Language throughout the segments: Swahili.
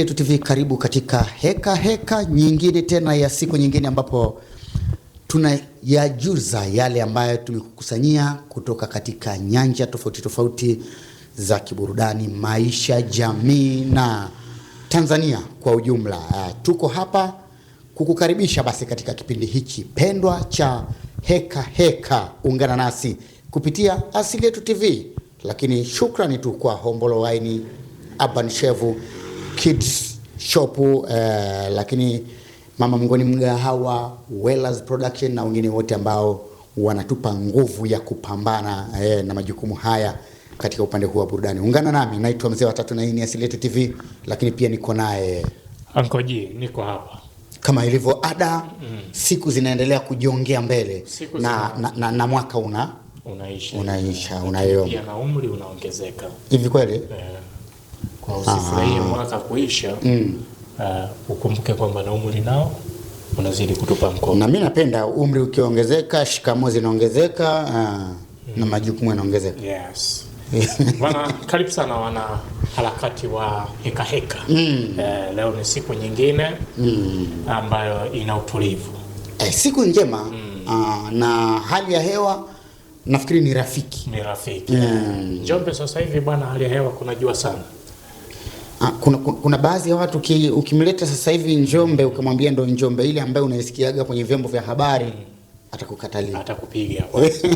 Zetu TV, karibu katika heka heka nyingine tena ya siku nyingine ambapo tunayajuza yale ambayo tumekukusanyia kutoka katika nyanja tofauti tofauti za kiburudani, maisha, jamii na Tanzania kwa ujumla. Tuko hapa kukukaribisha basi katika kipindi hichi pendwa cha heka heka. Ungana nasi kupitia Asili Yetu TV, lakini shukrani tu kwa Hombolo Waini Abanshevu kids shop uh, lakini Mama Mngoni Mgahawa, Wellers Production na wengine wote ambao wanatupa nguvu ya kupambana eh, na majukumu haya katika upande huu wa burudani. Ungana nami, naitwa Mzee wa Tatu na hii ni Asili TV, lakini pia niko naye Anko G, niko hapa kama ilivyo ada mm. Siku zinaendelea kujongea mbele na, na, na, na mwaka una unaisha unaisha unayo, na umri unaongezeka hivi kweli yeah kwa usifurahie ah. mwaka kuisha mm. Uh, ukumbuke kwamba na umri nao unazidi kutupa mkono, na mimi napenda umri ukiongezeka, shikamo zinaongezeka uh, mm. na majukumu yanaongezeka. Yes. Bwana, karibu sana wana harakati wa heka heka. Mm. Uh, leo ni siku nyingine mm. ambayo ina utulivu eh, siku njema mm. uh, na hali ya hewa nafikiri ni rafiki, ni rafiki. Mm. Njombe sasa hivi bwana, hali ya hewa kuna jua sana Ah, kuna, kuna baadhi ya watu ki, ukimleta sasa hivi Njombe ukamwambia ndo Njombe ile ambayo unaisikiaga kwenye vyombo vya habari atakukatalia, atakupiga eh,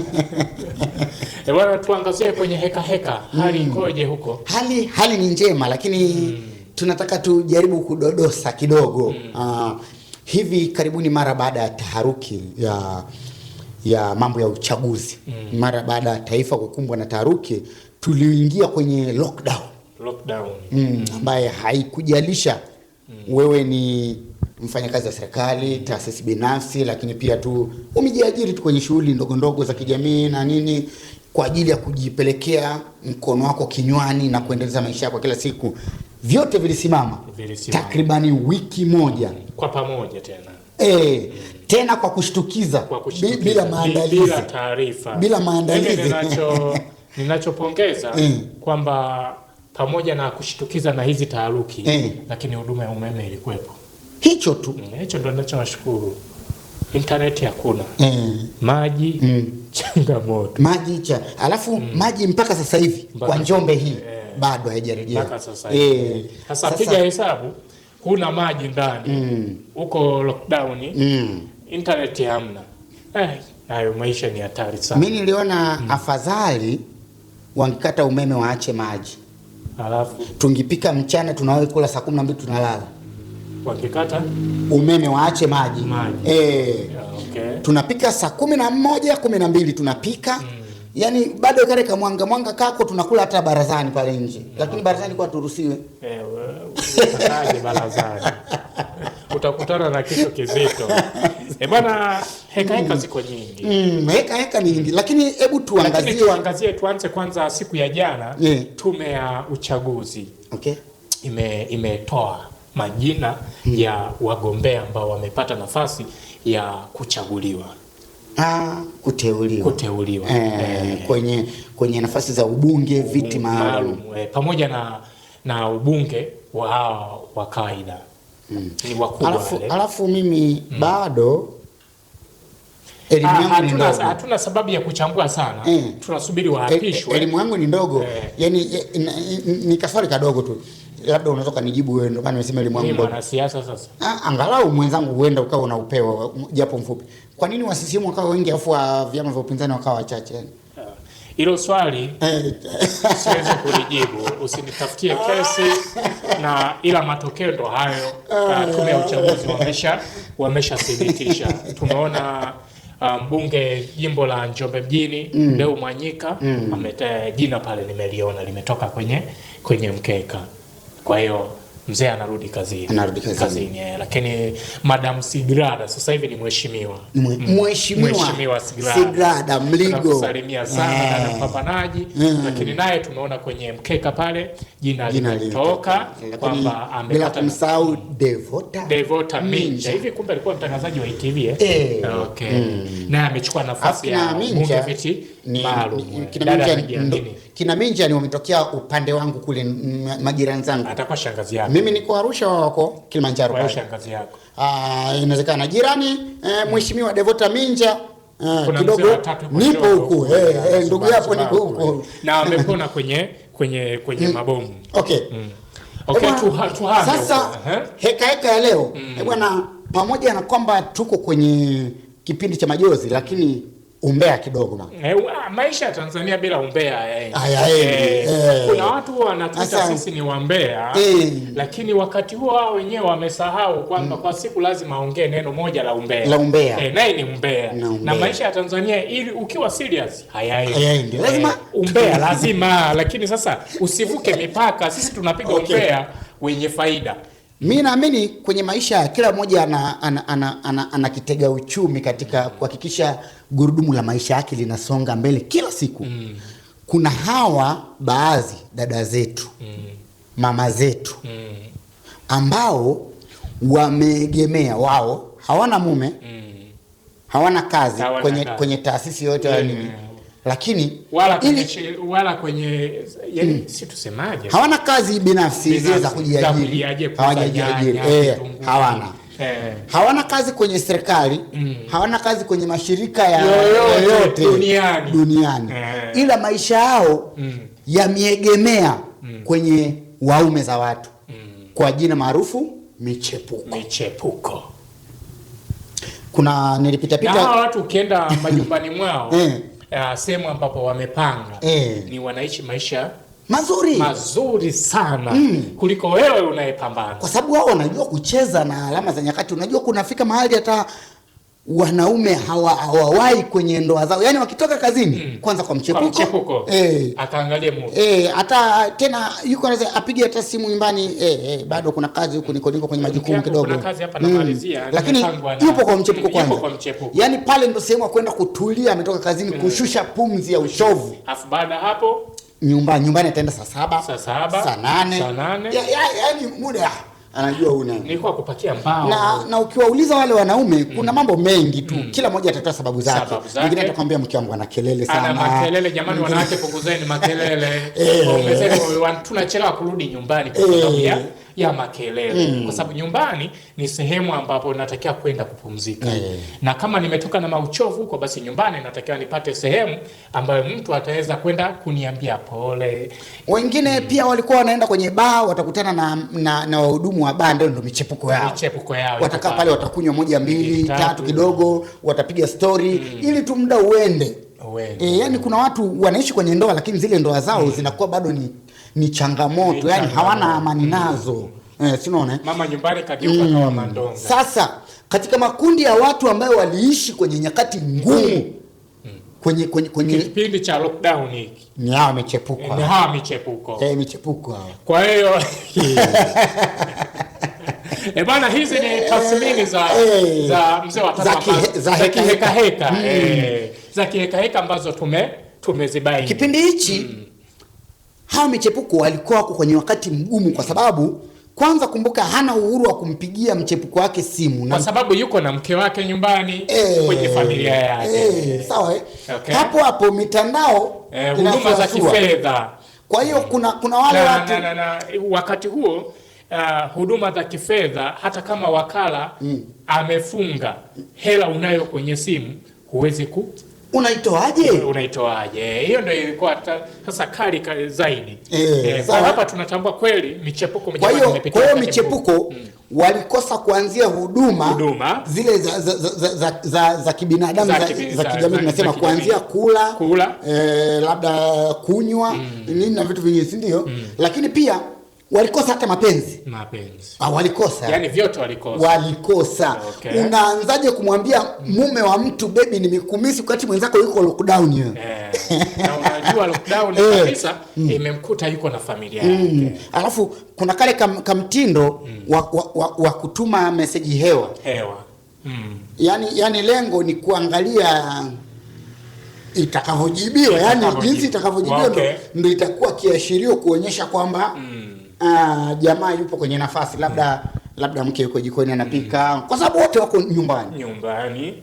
bwana. Tuangazie kwenye heka heka, hali hmm. ikoje huko? Hali hali ni njema, lakini mm. tunataka tujaribu kudodosa kidogo mm. uh, hivi karibuni mara baada ya taharuki ya ya mambo ya uchaguzi mm. mara baada ya taifa kukumbwa na taharuki tuliingia kwenye lockdown lockdown mm, ambaye mm, haikujalisha mm, wewe ni mfanyakazi wa serikali, taasisi binafsi, lakini pia tu umejiajiri tu kwenye shughuli ndogo ndogo za kijamii na nini kwa ajili ya kujipelekea mkono wako kinywani na kuendeleza maisha yako kila siku. Vyote vilisimama, takribani wiki moja kwa pamoja tena e, mm. tena kwa kushtukiza, kwa kushtukiza. bila maandalizi bila taarifa bila maandalizi ninachopongeza mm. kwamba pamoja na kushitukiza na hizi taharuki eh, lakini huduma ya umeme ilikuwepo. Hicho tu mm, hicho ndo ninachowashukuru. Intaneti hakuna eh, maji mm, changamoto maji cha alafu mm, maji mpaka sasa hivi kwa Njombe hii eh, bado haijarejea eh. eh. Sasa piga hesabu, kuna maji ndani mm. huko mm, lockdown mm, intaneti hamna eh, nayo maisha ni hatari sana. Mimi niliona mm, afadhali wangekata umeme waache maji Alafu tungipika mchana tunawahi kula saa kumi na mbili tunalala. Wakikata umeme waache maji, maji. E, eh. yeah, okay. Tunapika saa kumi na moja kumi na mbili tunapika mm yani bado kale ka mwanga mwanga kako tunakula hata barazani pale nje. Lakini barazani kwa turuhusiwe. Eh, barazani. Utakutana na kitu kizito. Eh, bwana heka heka mm. ziko nyingi. Mm, heka heka ni nyingi. Lakini hebu tuangazie Lakini tuangazie tuanze kwanza siku ya jana yeah. Tume ya uchaguzi. Okay. Ime imetoa majina hmm. ya wagombea ambao wamepata nafasi ya kuchaguliwa. Ah, kuteuliwa, kuteuliwa. E, e, kwenye, kwenye nafasi za ubunge viti maalum e, pamoja na, na ubunge wa, wa kawaida mm. Alafu, alafu mimi mm. bado ah, elimu yangu ni ndogo, hatuna sababu ya kuchambua sana e. tunasubiri waapishwe. Elimu yangu ni ndogo e. Yani ni kaswali kadogo tu labda unaweza ukanijibu wewe, ndio maana nimesema elimu yangu ndogo. Mwanasiasa sasa, Ah, angalau mwenzangu huenda ukawa unaupewa japo mfupi kwa nini wa CCM wakawa wengi afu wa vyama vya upinzani wakawa wachache? Ah, hilo swali eh. siwezi kulijibu, usinitafutie ah. kesi na ila matokeo ndo hayo. Uh, tume ya uchaguzi wamesha wameshathibitisha. Tumeona mbunge um, jimbo la Njombe mjini mm. Leo Mwanyika mm. ameta jina pale nimeliona limetoka kwenye kwenye mkeka, kwa hiyo mzee anarudi kazini, anarudi kazini, kazini yeah. Lakini Madam Sigrada sasa hivi ni mheshimiwa mm. mheshimiwa mheshimiwa Sigrada Mligo, salimia sana yeah. na mpambanaji mm. Eh. Lakini naye tumeona kwenye mkeka pale jina linatoka kwamba amepata, bila kumsahau Devota Devota Minja. Hivi kumbe alikuwa mtangazaji wa ITV e eh, Hey. Eh. okay mm. naye amechukua nafasi ya Mungu viti Eh, kina Minjani wametokea upande wangu kule, majirani zangu. Atakuwa shangazi yako. Mimi niko Arusha, wao wako Kilimanjaro pale. Shangazi yako. Ah, inawezekana jirani eh, hmm. mheshimiwa Devota Minja eh, kidogo nipo huku eh, eh ndugu yako niko huku na amepona kwenye kwenye kwenye hmm. mabomu. Okay. Mm. Okay, tuha, tuha sasa Heka heka ya leo. Mm. Bwana, pamoja na kwamba tuko kwenye kipindi cha majozi lakini umbea kidogo ma. E, eh, maisha ya Tanzania bila umbea e, kuna watu wanatuita sisi ni wambea e, lakini wakati huo wao wenyewe wamesahau kwamba mm, kwa siku lazima aongee neno moja la umbea, la umbea. E, naye ni umbea na, na maisha ya Tanzania ili ukiwa serious hayaendi, lazima umbea lazima, lakini sasa usivuke mipaka. Sisi tunapiga okay, umbea wenye faida Mi naamini kwenye maisha kila mmoja ana, ana, ana, ana, ana kitega uchumi katika kuhakikisha gurudumu la maisha yake linasonga mbele kila siku mm. Kuna hawa baadhi dada zetu mm. mama zetu mm. ambao wameegemea wao, hawana mume mm. hawana kazi hawana kwenye, kwenye taasisi yoyote mm. nini lakini wala kwenye, ili, wala kwenye yani, mm, si tusemaje, hawana kazi binafsi zile za kujiajiri, hawajajiajiri eh, hawana Hey. Eh. hawana kazi kwenye serikali mm, hawana kazi kwenye mashirika ya yoyote duniani, duniani. Hey. Eh. ila maisha yao mm, yamiegemea mm, kwenye waume za watu mm, kwa jina maarufu michepuko, michepuko. Kuna nilipita pita, na watu ukienda majumbani mwao eh uh, sehemu ambapo wamepanga e, ni wanaishi maisha mazuri mazuri sana mm, kuliko wewe unayepambana, kwa sababu wao wanajua kucheza na alama za nyakati. Unajua kunafika mahali hata wanaume hawa hawawahi kwenye ndoa zao, yaani wakitoka kazini mm. Kwanza kwa mchepuko eh, ataangalia eh, hata tena yuko anaweza apige hata simu nyumbani eh, eh, bado kuna kazi huko, niko niko kwenye majukumu kidogo, kuna kazi hapa namalizia hmm. mm. Lakini yupo kwa mchepuko kwanza, kwa mchepuko. Yaani pale ndio sehemu ya kwenda kutulia, ametoka kazini mm. Kushusha pumzi ya uchovu, afu baada hapo nyumbani nyumbani ataenda saa saba saa saba saa nane yaani muda anajua huyu nani. Nilikuwa kupakia mbao. Na, na ukiwauliza wale wanaume mm. kuna mambo mengi tu mm. Kila mmoja atatoa sababu zake. Mwingine atakwambia mke wangu ana kelele sana. Ana makelele jamani, mm. wanawake punguzeni makelele. Eh. Tunachelewa kurudi nyumbani kwa sababu eh. ya ya makelele mm. Kwa sababu nyumbani ni sehemu ambapo natakiwa kwenda kupumzika mm. Na kama nimetoka na mauchovu huko, basi nyumbani natakiwa nipate sehemu ambayo mtu ataweza kwenda kuniambia pole. Wengine mm. pia walikuwa wanaenda kwenye baa, watakutana na na, na wahudumu wa baa, ndio ndio michepuko yao, michepuko yao watakaa pale, watakunywa moja mbili tatu kidogo, watapiga story mm. ili tu muda uende. E, yani kuna watu wanaishi kwenye ndoa lakini zile ndoa zao mm. zinakuwa bado ni ni changamoto, yani hawana amani nazo mm. eh, sinaona mama nyumbani kageuka kama mm. mandonga. Sasa katika makundi ya watu ambayo waliishi kwenye nyakati ngumu mm. kwenye kwenye kwenye kipindi cha lockdown hiki ni hawa michepuko, eh, ni hawa michepuko, eh, michepuko hawa. Kwa hiyo eh bana, hizi ni eh, tasmini za e, za mzee wa za heka heka za heka heka mm. ambazo tume tumezibaini kipindi hichi mm hawa michepuko walikuwa wako kwenye wakati mgumu, kwa sababu kwanza kumbuka, hana uhuru wa kumpigia mchepuko wake simu na... kwa sababu yuko na mke wake nyumbani e, kwenye familia eh, yake e, sawa eh? okay. Hapo hapo mitandao e, huduma za kifedha. Kwa hiyo kuna kuna wale na, watu na, na, na, wakati huo Uh, huduma za kifedha hata kama wakala mm. amefunga hela unayo kwenye simu huwezi ku unaitoaje? Unaitoaje? Hiyo ndio ilikuwa sasa kali zaidi. Eh, eh hapa tunatambua kweli michepuko mjamani imepitia. Kwa hiyo michepuko mm. walikosa kuanzia huduma, huduma zile za, za, za, za, za, za kibinadamu za, za kijamii tunasema kuanzia kula, kula. Eh, labda kunywa mm. nini na vitu vingine si ndio? Mm. Lakini pia walikosa hata mapenzi, mapenzi. Ha, ah, walikosa yani vyote walikosa, walikosa. Okay. Unaanzaje kumwambia mume wa mtu baby, nimekumisi wakati mwenzako yuko lockdown yeye? eh. na unajua lockdown eh. kabisa mm. imemkuta yuko na familia mm. yake, alafu kuna kale kamtindo mm. wa, wa, wa, wa kutuma meseji hewa hewa mm. yani, yani lengo ni kuangalia itakavyojibiwa, yani jinsi itakavyojibiwa okay. Ndo itakuwa kiashirio kuonyesha kwamba mm. Ah, jamaa yupo kwenye nafasi labda hmm. labda mke yuko jikoni hmm. anapika mm. kwa sababu wote wako nyumbani nyumbani.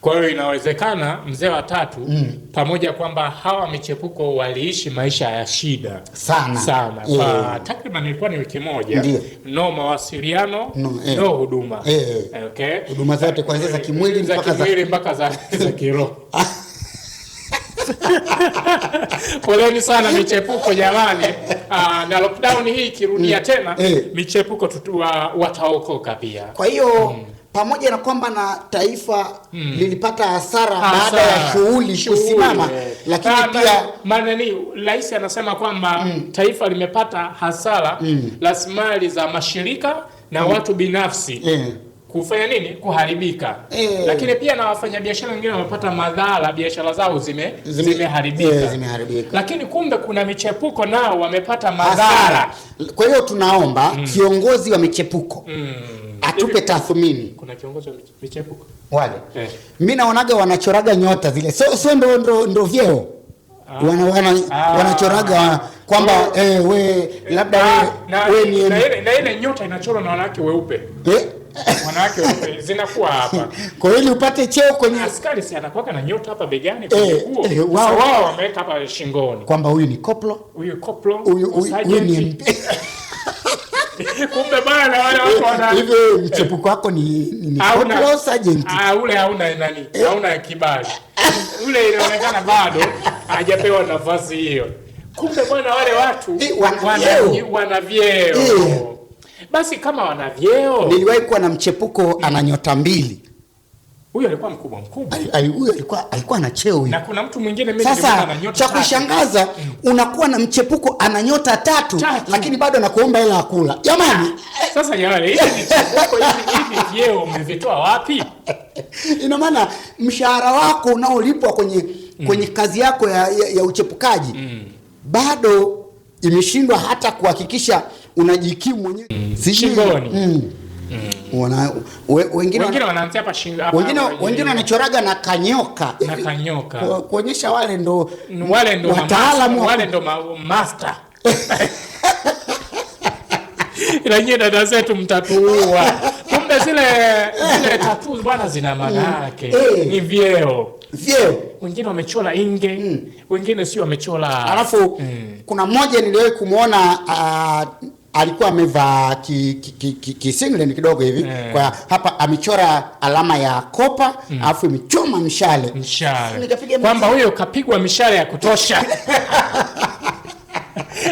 Kwa hiyo inawezekana mzee wa tatu mm. pamoja kwamba hawa michepuko waliishi maisha ya shida sana sana yeah. Takriban ilikuwa ni wiki moja Ndiye. no mawasiliano no, eh. no huduma eh. okay. huduma zote kuanzia za eh, kimwili mpaka za kiroho Poleni sana michepuko jamani. Uh, na lockdown hii ikirudia mm. tena hey. Eh. michepuko tutua, wataokoka pia. Kwa hiyo mm. pamoja na kwamba na taifa mm. lilipata hasara baada ya shughuli kusimama eh. lakini na, pia maana ni rais anasema kwamba mm. taifa limepata hasara mm. za mashirika na mm. watu binafsi mm kufanya nini kuharibika e. Lakini pia na wafanyabiashara wengine wamepata madhara, biashara zao zime zimeharibika zime eh, zime lakini kumbe kuna michepuko nao wamepata madhara. Kwa hiyo tunaomba mm. kiongozi wa michepuko mm. atupe tathmini. Kuna kiongozi wa michepuko wale eh. Mimi naonaga wanachoraga nyota zile, so so ndo ndo, ndo vyeo ah. wana, wana, ah, wanachoraga kwamba oh. eh, we labda ah. we, na, we, na, we, na, we, na, we, na ile nyota inachorwa na wanawake weupe eh wanawake wote zinakuwa hapa. Kwa hiyo ili upate cheo kwenye askari, si anakuwa na nyota hapa begani eh, kwa nguo e, e, wao wao wameweka hapa shingoni kwamba huyu ni koplo, huyu koplo, huyu huyu ni MP. Kumbe bana wale watu wana hivyo mchepuko wako ni ni koplo sergeant. Ah, ule hauna nani? Eh. Hauna kibali. Ule inaonekana bado hajapewa nafasi hiyo. Kumbe bwana wale watu wana vyeo. Basi kama wana vyeo, niliwahi kuwa na mchepuko ana nyota mbili. Huyo alikuwa mkubwa mkubwa, huyo alikuwa alikuwa na cheo huyo. Na kuna mtu mwingine mimi niliona ana nyota. Sasa cha kushangaza mm. unakuwa na mchepuko ana nyota tatu, tatu, lakini bado anakuomba hela ya kula. Jamani, ah, sasa jamani, hivi hivi vyeo mmevitoa wapi? Ina maana mshahara wako unaolipwa kwenye mm. kwenye kazi yako ya, ya, ya uchepukaji mm. bado imeshindwa hata kuhakikisha unajikimu mwenyewe shingoni. Mm. Mm. Wana, we, wengine wengine wanaanzia hapa shingo hapa, wengine wengine wanachoraga na kanyoka na kanyoka kuonyesha wale ndo mm, wale ndo wataalamu wale ndo master ila nyie dada zetu mtatuua. Kumbe zile zile tatu bwana zina mm. maana yake mm. ni vyeo vyeo, wengine wamechola inge mm. wengine sio wamechola alafu mm. kuna mmoja niliwahi kumuona uh, alikuwa amevaa kisinglet ki, ki, kidogo hivi yeah. Kwa hapa amechora alama ya kopa mm. Alafu imechoma mshale, mshale. Kwamba huyo kapigwa mishale ya kutosha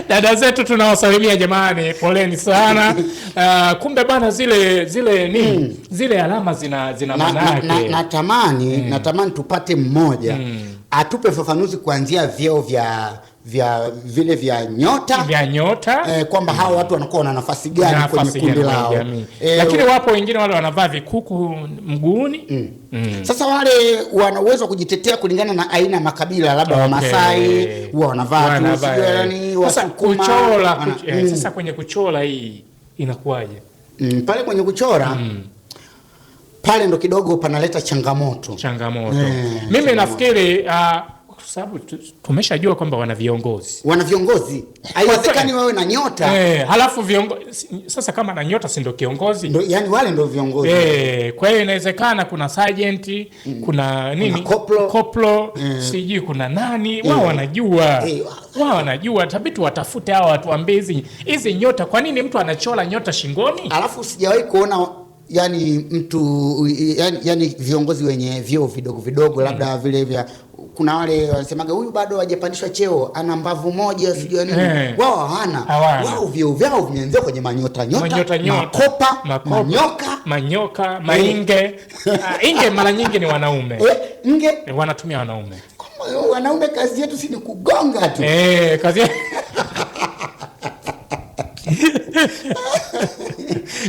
Dada zetu tunawasalimia jamani, poleni sana. Uh, kumbe bana zile zile ni mm. zile alama zina zina na, Na, na, natamani mm. natamani tupate mmoja mm. atupe fafanuzi kuanzia vyeo vya vya vile vya nyota, vya nyota. E, kwamba hawa watu wanakuwa na nafasi gani kwenye kundi lao e, lakini wapo wengine wale wanavaa vikuku mguuni mm. Mm. Sasa wale wana uwezo kujitetea kulingana na aina ya makabila labda okay. Wamasai huwa wanavaa eh. kuchora wana, eh, mm. Sasa kwenye kuchora hii inakuwaje? mm, pale kwenye kuchora mm pale ndo kidogo panaleta changamoto changamoto. Mm, mimi changamoto. Nafikiri uh, sababu tumeshajua kwamba wana viongozi, wana viongozi. Haiwezekani wawe na nyota eh, halafu viongo, sasa, kama na nyota si ndio kiongozi ndo, yani wale ndio viongozi eh. Kwa hiyo inawezekana kuna sergeant mm, kuna nini koplo, koplo mm, sijui kuna nani mm. wao, wanajua hey, eh, wao wanajua, tabitu watafute hawa watuambie hizi hizi nyota. Kwa nini mtu anachola nyota shingoni? halafu sijawahi kuona yani mtu yani, yani viongozi wenye vyeo vidogo vidogo labda mm, vile vya kuna wale wanasemaga huyu bado hajapandishwa cheo, ana mbavu moja, sijui nini. Eh. Wao hawana wao, vyeo vyao vimeanzia kwenye manyota nyota, manyota nyota, makopa, manyoka, manyoka, eh. mainge. Ah, inge mara nyingi ni wanaume, eh, inge eh, wanatumia wanaume. Kama Wanaume kazi yetu si ni kugonga tu eh, kazi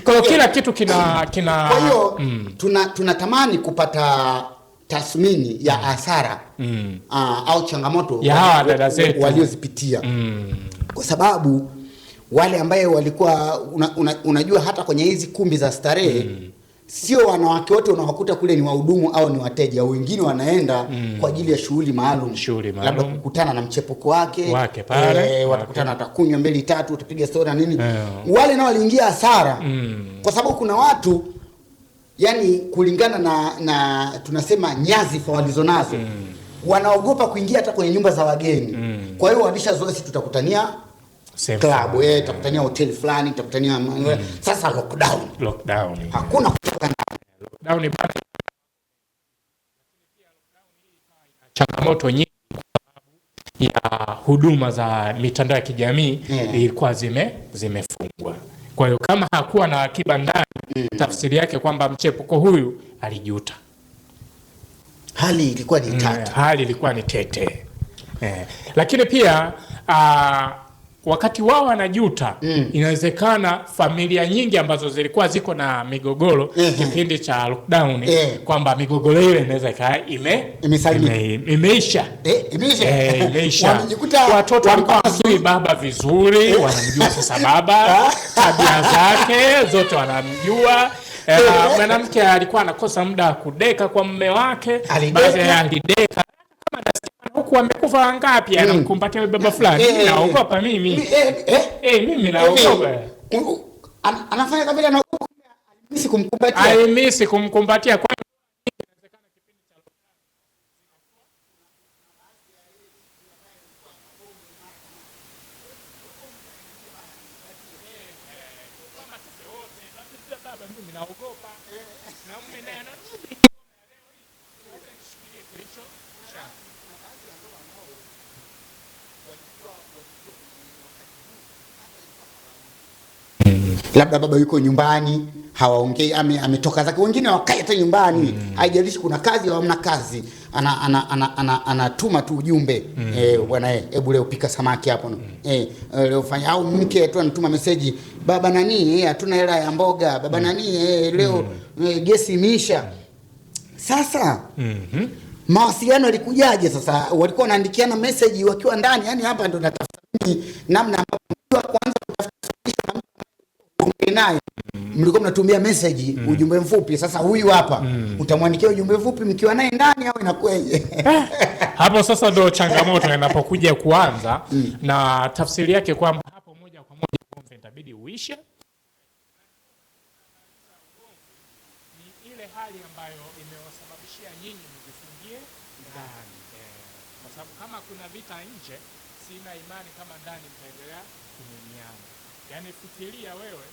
kwa kila kitu kina kina, kwa hiyo mm. tunatamani kupata tathmini ya asara mm. uh, au changamoto waliozipitia mm. kwa sababu wale ambaye walikuwa una, una, unajua hata kwenye hizi kumbi za starehe mm. sio wanawake wote unawakuta kule ni wahudumu au ni wateja, wengine wanaenda mm. kwa ajili ya shughuli maalum, labda kukutana na mchepuko wake, wake pale, e, watakutana watakunywa mbili tatu, utapiga stori na nini. Eh. Wale nao waliingia hasara mm. kwa sababu kuna watu yani kulingana na, na tunasema nyazi walizonazo mm. wanaogopa kuingia hata kwenye nyumba za wageni mm. kwa hiyo walishazoea, si tutakutania klabu eh, tutakutania hoteli fulani, tutakutania eh, mm. Sasa lockdown, lockdown hakuna kutoka ndani, lockdown changamoto nyingi ya huduma za mitandao ya kijamii ilikuwa yeah. zime zimefungwa. Kwa hiyo kama hakuwa na akiba ndani mm. tafsiri yake kwamba mchepuko huyu alijuta, hali ilikuwa ni Mm, hali ilikuwa ni tete eh. Lakini pia aa, ah, wakati wao wanajuta mm. Inawezekana familia nyingi ambazo zilikuwa ziko na migogoro mm -hmm. kipindi cha lockdown yeah. kwamba migogoro ile inaweza ikawa ime imeisha eh, imeisha, eh, watoto walikuwa wanamjui baba vizuri, eh. wanamjua sasa baba ah. tabia zake zote wanamjua mwanamke alikuwa anakosa muda wa kudeka kwa mume wake, basi alideka huku amekufa wangapi, anakumbatia hmm. baba fulani, naogopa mimi, mimi naogopa. Anafanya kabila na alimisi kumkumbatia kwa labda baba yuko nyumbani hawaongei, ametoka zake, wengine wakae hata nyumbani, mm. haijalishi kuna kazi au hamna kazi, anatuma tu ujumbe mm. Eh, bwana, eh, hebu leo pika samaki hapo, mm. Eh, leo fanya au mke tu anatuma meseji, baba nani, hatuna hela ya mboga, baba mm. nani, leo mm. gesi imeisha. Sasa mm-hmm. mawasiliano yalikujaje? Sasa walikuwa wanaandikiana meseji wakiwa ndani, yani hapa ndo natafuta namna ambapo naye mm. mlikuwa mm. mnatumia message mm. ujumbe mfupi. Sasa huyu hapa mm. utamwandikia ujumbe mfupi mkiwa naye ndani au inakweje eh. hapo sasa ndo changamoto inapokuja kuanza mm. na tafsiri yake kwamba hapo moja kwa moja konfe itabidi uishe. Ni ile hali ambayo imewasababishia nyinyi mjifungie ndani, eh, kwa sababu kama kuna vita nje, sina imani kama ndani mtaendelea kumenyana. Yani fikiria wewe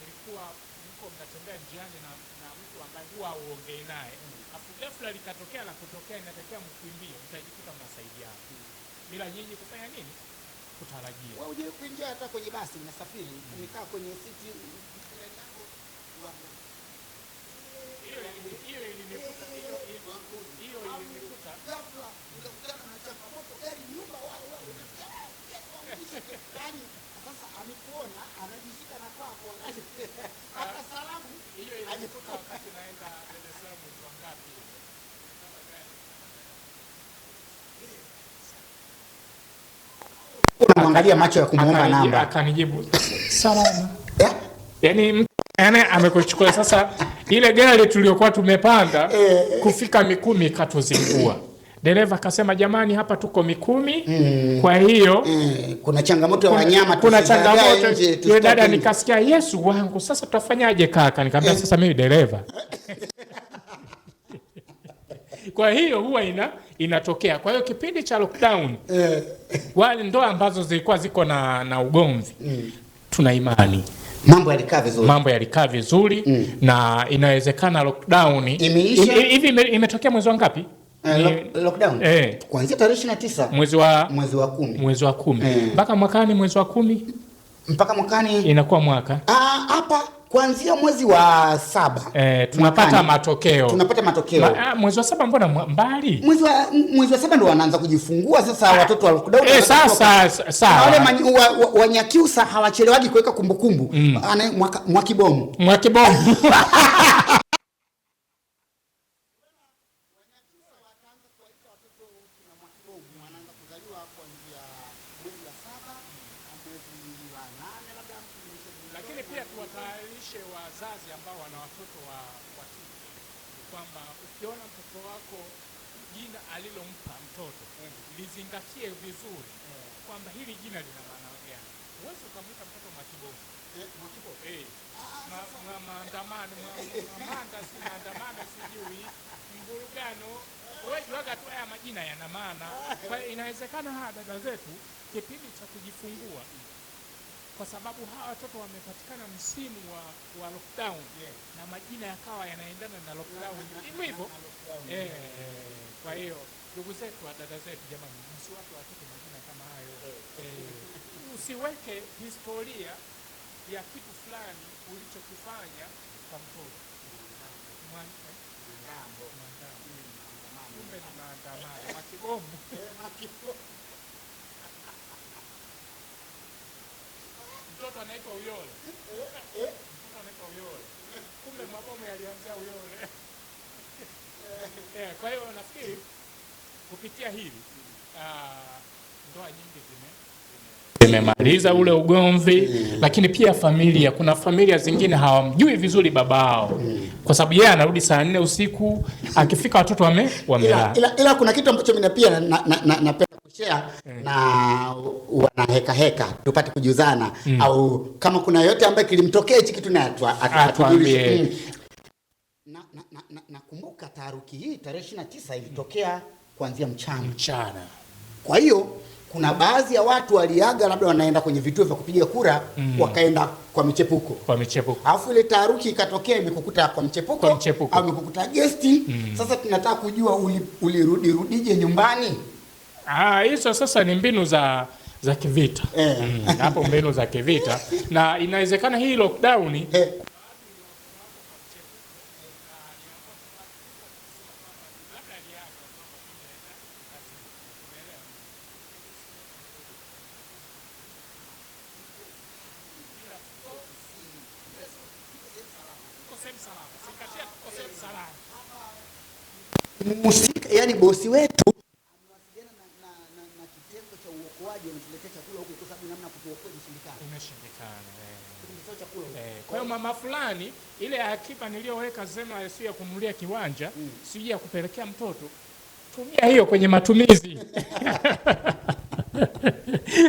nilikuwa niko mnatembea njiani na, na mtu ambaye huwa auongei naye afu ghafla likatokea la kutokea, inatakiwa mkimbie, mtajikuta mnasaidiana bila nyinyi kufanya nini, kutarajia. Wewe unajua kuingia hata kwenye basi mnasafiri, nikaa kwenye siti na sasa amekuona hata unamwangalia macho ya kumuomba namba, akanijibu salama. Yaani yani mtu amekuchukua sasa ile gari tuliyokuwa tumepanda eh, eh. kufika Mikumi ikatuzingua Dereva akasema jamani, hapa tuko Mikumi mm. kwa hiyo mm. kuna changamoto ya wanyama, kuna changamoto yule dada. Nikasikia Yesu wangu, sasa tutafanyaje kaka? Nikamwambia eh. sasa mimi dereva kwa hiyo huwa ina inatokea. Kwa hiyo kipindi cha lockdown eh. wale ndoa ambazo zilikuwa ziko na, na ugomvi mm. tuna imani mambo yalikaa vizuri, mambo yalikaa vizuri mm. na inawezekana lockdown imeisha hivi imetokea mwezi wa ngapi? Eh, lockdown eh, kuanzia tarehe 29 mwezi wa mwezi wa 10 mwezi wa 10 eh. mpaka mwakani mwezi wa 10 mpaka mwakani inakuwa mwaka ah, hapa kuanzia mwezi wa saba eh, tunapata mwakani, matokeo tunapata matokeo Ma, ah, mwezi wa saba mbona mbali? Mwezi wa mwezi wa saba ndio wanaanza kujifungua sasa ah. watoto wa lockdown eh, sasa sasa wale wa, wa, wanyakiusa hawachelewaji kuweka kumbukumbu mm. ana mwaka mwakibomu mwakibomu lizingatie vizuri kwamba hili jina lina maana gani. Huwezi ukamwita mtoto Mwakibomo eh, eh, maandamano, mamanda si maandamano, sijui mburugano wejuaga tu haya majina yana maana. Kwa hiyo inawezekana hawa dada zetu kipindi cha kujifungua kwa sababu hawa watoto wamepatikana msimu wa, wa lockdown yeah. na majina yakawa yanaendana na lockdown hivyo, yeah. kwa hiyo ndugu zetu wa dada zetu, jamani, msiwape watoto majina kama hayo eh. Usiweke historia ya kitu fulani ulichokifanya kwa mtoto eh? kumbe ni maandamano eh. eh, makibomu. Mtoto anaitwa Uyole, mtoto anaitwa Uyole, kumbe mabomu yalianzia Uyole. Kwa hiyo nafikiri kupitia hili ah, ndoa nyingi zime imemaliza ule ugomvi mm. Lakini pia familia, kuna familia zingine hawamjui vizuri babao mm. Kwa sababu yeye anarudi saa nne usiku, akifika watoto wame wamelala. Ila, ila ila kuna kitu ambacho mimi pia napenda na, na, na kushare mm. na wanaheka heka tupate kujuzana mm. Au kama kuna yote ambaye kilimtokea hichi kitu na atuambie. Mm. Nakumbuka taharuki hii tarehe 29 ilitokea mm kuanzia mchana mchana. Kwa hiyo kuna baadhi ya watu waliaga, labda wanaenda kwenye vituo vya kupiga kura mm. wakaenda kwa michepuko kwa michepuko, alafu ile taharuki ikatokea, imekukuta kwa michepuko au imekukuta gesti mm. Sasa tunataka kujua ulirudirudije uli nyumbani. Ah, hizo sasa ni mbinu za za kivita hapo eh. mm, mbinu za kivita na inawezekana hii lockdown eh. Musika, yani bosi wetu amewasiliana na, na, na, na kitengo cha uokoaji, wametuletea chakula kwa sababu namna kutuokoa imeshindikana, eh. imeshindikana eh. Kwa hiyo mama fulani, ile akiba niliyoweka zema sio ya kumulia kiwanja mm, sio ya kupelekea mtoto, tumia hiyo kwenye matumizi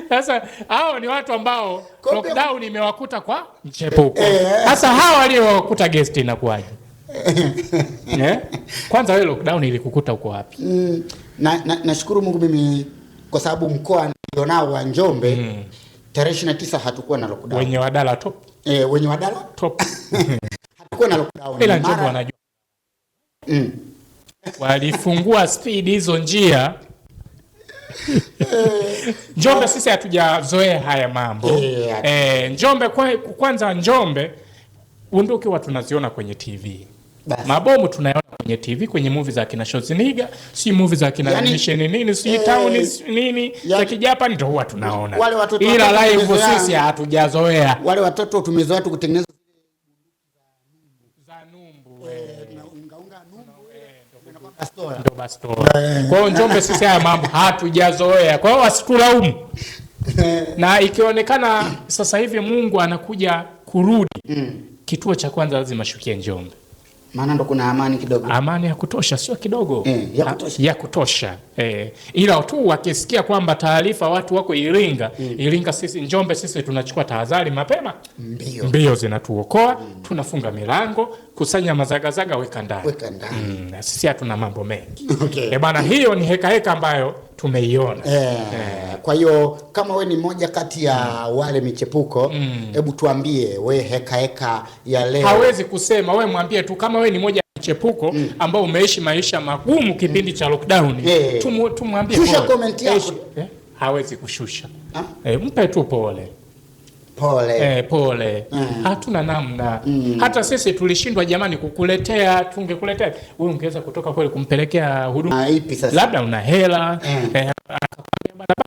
Sasa hao ni watu ambao lockdown imewakuta kwa mchepuko. Eh. Sasa hawa waliowakuta guest inakuwaje? yeah? Kwanza wewe lockdown ilikukuta uko wapi? Mm, na, na, na Mungu mimi kwa sababu mkoa nilionao wa Njombe mm. tarehe 29 na hatukuwa na lockdown. Wenye wadala top. Eh, wenye wadala top. hatukuwa na lockdown. Ila Njombe wanajua. Mm. Walifungua speed hizo njia Njombe sisi hatujazoea haya mambo yeah. Eh, eh, e, Njombe kwanza, Njombe bunduki huwa tunaziona kwenye TV. Basi. Mabomu tunayaona kwenye TV kwenye movie za kina Schwarzenegger, si movie za kina yani, animation nini, si eh, town nini ya, za yaani, Kijapani ndio huwa tunaona. Wale watoto ila live sisi hatujazoea. Wale watoto tumezoea tu kutengeneza za numbu eh, eh. Eh, ndio bastola. Kwa hiyo Njombe sisi haya mambo hatujazoea, kwa hiyo wasitulaumu. Na ikionekana sasa hivi Mungu anakuja kurudi, mm. Kituo cha kwanza lazima shukie Njombe maana ndo kuna amani kidogo, amani ya kutosha, sio kidogo e, ya kutosha, ya kutosha. E, ila tu wakisikia kwamba taarifa watu wako Iringa mm. Iringa sisi Njombe sisi tunachukua tahadhari mapema, mbio, mbio zinatuokoa mm. tunafunga milango, kusanya mazagazaga, weka ndani, weka ndani mm. sisi hatuna mambo mengi okay. E bana, hiyo ni hekaheka ambayo tumeiona e, e. Kwa hiyo kama we ni moja kati ya mm. wale michepuko mm. hebu mm. tuambie we heka heka ya leo. Hawezi kusema we, mwambie tu kama we ni moja mchepuko mm. ambao umeishi maisha magumu kipindi mm. cha lockdown hey. Eh. Tumwambie, shusha comment yako eh, hawezi kushusha ha? Ah? eh, mpe tu pole pole, eh, pole. Mm. Hatuna namna mm. Hata sisi tulishindwa jamani, kukuletea tungekuletea wewe, ungeweza kutoka kweli kumpelekea huduma ah, ipi sasa, labda una hela mm. eh, eh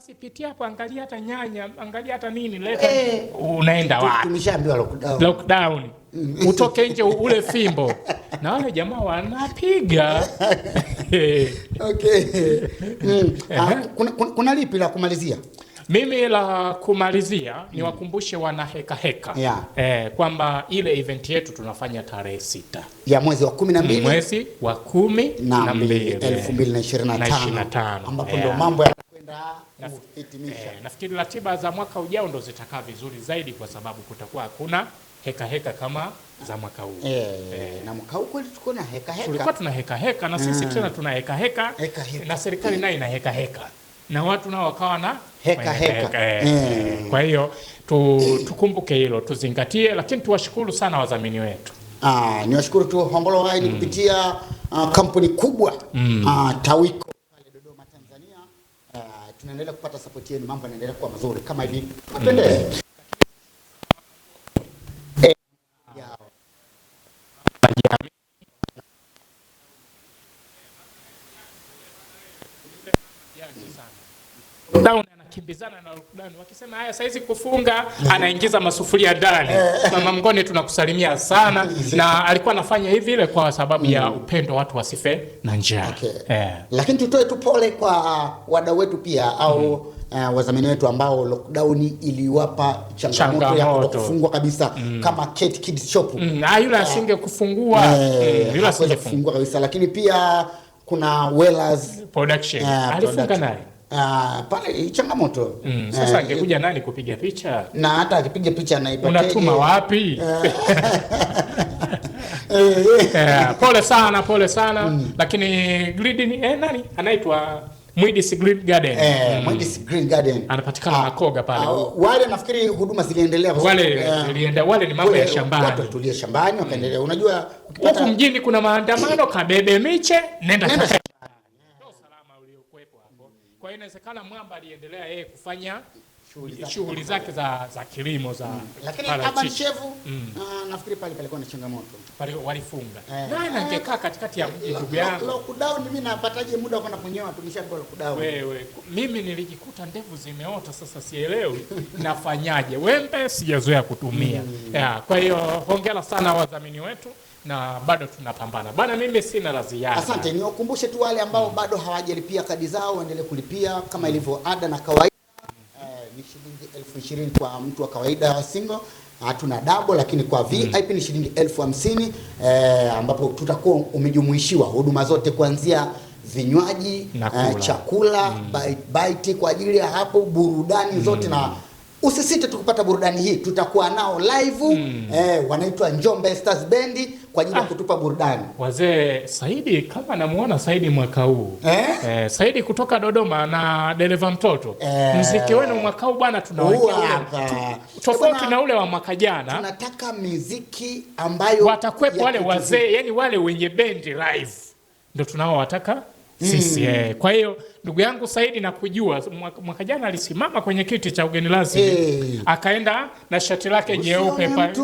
basi pitia hapo, angalia hata nyanya, angalia hata nini, leta eh, unaenda wapi? Tumeshaambiwa lockdown, lockdown mm. utoke nje ule fimbo na wale jamaa wanapiga. Okay. Eh. Mm. Ah, kuna, kuna, kuna lipi la kumalizia? Mimi la kumalizia mm. niwakumbushe wana heka heka yeah. eh, kwamba ile event yetu tunafanya tarehe sita ya mwezi wa kumi na mbili mwezi wa kumi na mbili elfu mbili na ishirini na tano ambapo ndio mambo ya kuhitimisha. Eh, Nafikiri ratiba za mwaka ujao ndo zitakaa vizuri zaidi, kwa sababu kutakuwa hakuna heka heka kama za mwaka huu e, e. Na mwaka huu kweli tuko na heka heka, tulikuwa tuna heka heka na sisi mm. tena tuna heka heka, heka heka na serikali nayo ina heka heka na watu nao wakawa na heka heka, heka. Eh. Kwa hiyo tu, tukumbuke hilo tuzingatie, lakini tuwashukuru sana wadhamini wetu. Ah, niwashukuru tu Hombolo Wine mm. kupitia uh, kampuni kubwa mm. uh, Tawiko pale Dodoma Tanzania. Uh, tunaendelea kupata support yenu, mambo yanaendelea kuwa mazuri kama hivi. Napendeza. Mm. Down wanakimbizana na rukudani wakisema, haya saizi kufunga, anaingiza masufuria ndani. Eh. Mama Mgone tunakusalimia sana, na alikuwa anafanya hivi ile kwa sababu ya mm. upendo, watu wasife na njaa okay. yeah. Lakini tutoe tu pole kwa uh, wadau wetu pia au mm. Uh, wazamini wetu ambao lockdown iliwapa changamoto, changamoto ya kutofungwa kabisa mm. kama Kate Kids Shop mm. ah, yule asinge kufungua eh, eh mm, yule asinge kufungua kabisa, lakini pia kuna Wellers Production uh, alifunga naye Ah, pale changamoto. Mm, eh, sasa angekuja eh, nani kupiga picha? Na hata akipiga picha anaipatia. Unatuma wapi? yeah, eh, eh. pole sana, pole sana. Mm. Lakini grid ni eh, nani? Anaitwa Mwidis Green Garden. Eh, mm. Mwidis Green Garden. Anapatikana ah, Makoga pale. Ah, wale nafikiri huduma ziliendelea kwa wale uh, wale ni mambo ya shambani. Watu tulie shambani wakaendelea. Mm. Unajua ukipata huko mjini kuna maandamano kabebe miche nenda, nenda kwa hiyo inawezekana mwamba aliendelea yeye kufanya shughuli zake za, za kilimo za mm. Lakini Urban Shevu mm. Uh, nafikiri pale palikuwa na changamoto pale walifunga eh. Nani angekaa katikati ya mji ndugu yangu? Lockdown mimi napataje muda kwenda kunyoa? kwa lockdown. Wewe mimi nilijikuta ndevu zimeota sasa, sielewi nafanyaje. Wembe sijazoea kutumia mm. Yeah, kwa hiyo hongera sana wadhamini wetu na bado tunapambana bana. Mimi sina la ziada. Asante, niwakumbushe tu wale ambao mm. bado hawajalipia kadi zao waendelee kulipia kama mm. ilivyo ada na kawaida mm. uh, ni shilingi elfu ishirini kwa mtu wa kawaida single hatuna dabo lakini kwa VIP mm. ni shilingi elfu hamsini eh, ambapo tutakuwa umejumuishiwa huduma zote kuanzia vinywaji eh, chakula mm. baiti kwa ajili ya hapo burudani mm. zote, na mm. usisite tukupata burudani hii, tutakuwa nao live mm. eh, wanaitwa Njombe Stars Bendi kwa ajili ya ah, kutupa burudani. Wazee Saidi kama namuona Saidi mwaka huu eh? Eh, Saidi kutoka Dodoma na dereva mtoto eh, mziki wenu mwaka huu bwana, tunawekea eh, tofauti na ule wa mwaka jana. Tunataka miziki ambayo watakwepo wale wazee, yani wale wenye bendi live ndio tunaowataka sisi Mm. Eh, kwa hiyo ndugu yangu Saidi nakujua mwaka jana alisimama kwenye kiti cha ugeni rasmi hey. Eh. Akaenda na shati lake jeupe analia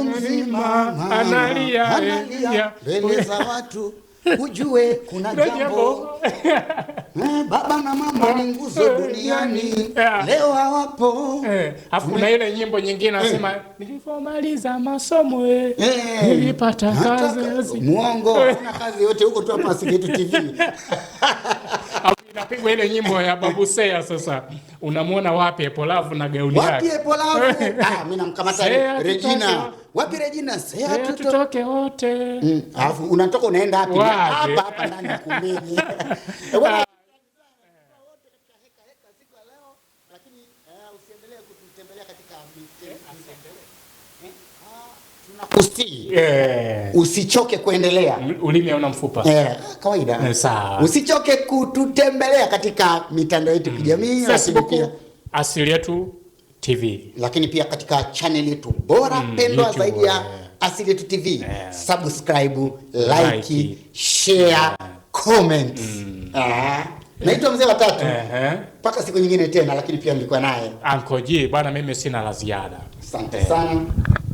eh, analia mbele za watu ujue kuna jambo eh, baba na mama ni nguzo eh, duniani, yeah. Leo hawapo eh. Afu kuna ile nyimbo nyingine nasema eh. Nilipomaliza masomo eh. eh. Nilipata kazi. Muongo kuna kazi yote huko tu hapa Segetu TV. Inapigwa ile nyimbo ya Babu Seya sasa unamwona wapi Epolavu na gauni yake? Wapi Epolavu? Ah, mimi namkamata Regina. Wapi Regina? Sasa tutoke wote. Mm, alafu unatoka unaenda wapi? Hapa hapa ndani ya kumeni. si yeah. Usichoke kuendelea, ulimi una mfupa yeah. Kawaida yeah, Usichoke kututembelea katika mitandao yetu mm. kijamii Facebook Asili Yetu TV, lakini pia katika channel yetu bora mm, pendwa zaidi ya Asili Yetu TV yeah. Subscribe, like, like share yeah. comment mm. ah. Naitwa mzee wa tatu mpaka uh -huh. siku nyingine tena, lakini pia nilikuwa naye Ankoji bwana, mimi sina la ziada. Asante eh. sana.